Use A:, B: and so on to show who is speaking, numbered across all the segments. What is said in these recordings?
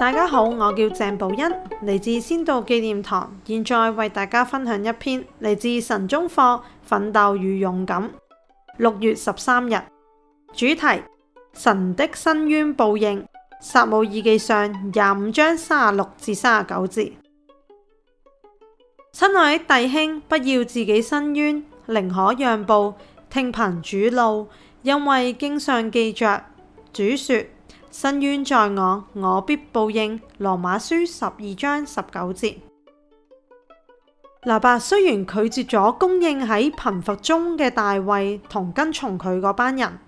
A: 大家好，我叫鄭寶欣，嚟自先道紀念堂，現在為大家分享一篇嚟自神中課《奮鬥與勇敢》六月十三日，主題：神的伸冤報應，撒母耳記上廿五章三十六至三十九節。親愛弟兄，不要自己申冤，寧可讓步，聽憑主怒。因為經上記着，主說：申冤在我，我必報應。羅馬書十二章十九節。拿八雖然拒絕咗供應喺貧乏中嘅大衛同跟從佢嗰班人，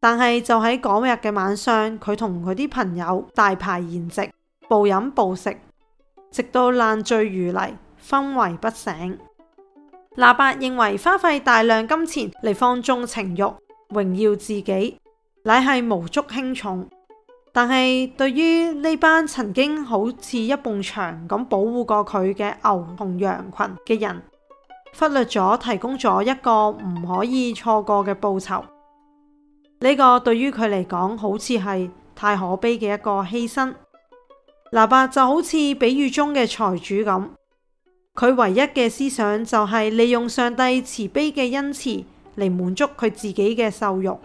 A: 但係就喺嗰日嘅晚上，佢同佢啲朋友大排筵席，暴飲暴食，直到爛醉如泥。昏迷不醒。拿伯認為花費大量金錢嚟放縱情欲、榮耀自己，乃係無足輕重。但係對於呢班曾經好似一埲牆咁保護過佢嘅牛同羊群嘅人，忽略咗提供咗一個唔可以錯過嘅報酬，呢、呢個對於佢嚟講好似係太可悲嘅一個犧牲。拿伯就好似比喻中嘅財主咁。佢唯一嘅思想就係利用上帝慈悲嘅恩賜嚟滿足佢自己嘅獸慾，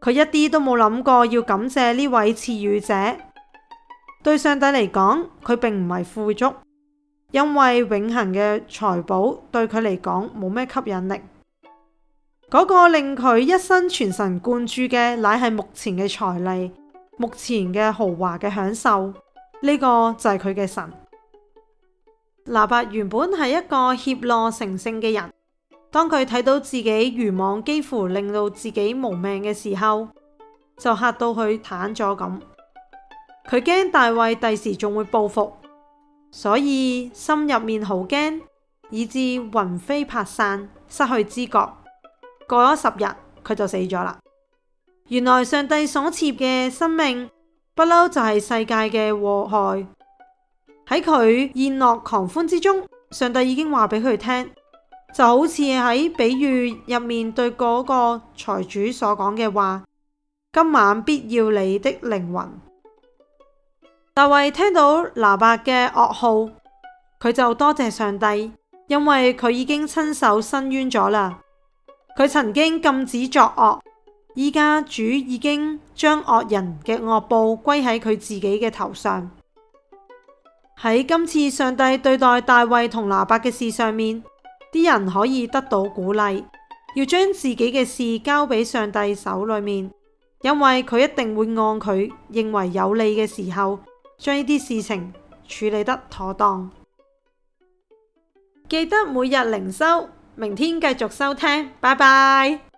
A: 佢一啲都冇諗過要感謝呢位賜予者。對上帝嚟講，佢並唔係富足，因為永恒嘅財寶對佢嚟講冇咩吸引力。嗰個令佢一生全神貫注嘅，乃係目前嘅財利、目前嘅豪華嘅享受。呢個就係佢嘅神。喇伯原本係一個怯懦成性嘅人，當佢睇到自己愚妄幾乎令到自己無命嘅時候，就嚇到佢癱咗咁。佢驚大衛第時仲會報復，所以心入面好驚，以致魂飛魄散，失去知覺。過咗十日，佢就死咗啦。原來上帝所賜嘅生命，不嬲就係世界嘅禍害。喺佢宴樂狂歡之中，上帝已經話俾佢聽，就好似喺比喻入面對嗰個財主所講嘅話：今晚必要你的靈魂。大衛聽到拿伯嘅噩耗，佢就多謝上帝，因為佢已經親手伸冤咗啦。佢曾經禁止作惡，依家主已經將惡人嘅惡報歸喺佢自己嘅頭上。喺今次上帝對待大衛同拿伯嘅事上面，啲人可以得到鼓勵，要將自己嘅事交俾上帝手裏面，因為佢一定會按佢認為有利嘅時候，將呢啲事情處理得妥當。記得每日靈修，明天繼續收聽，拜拜。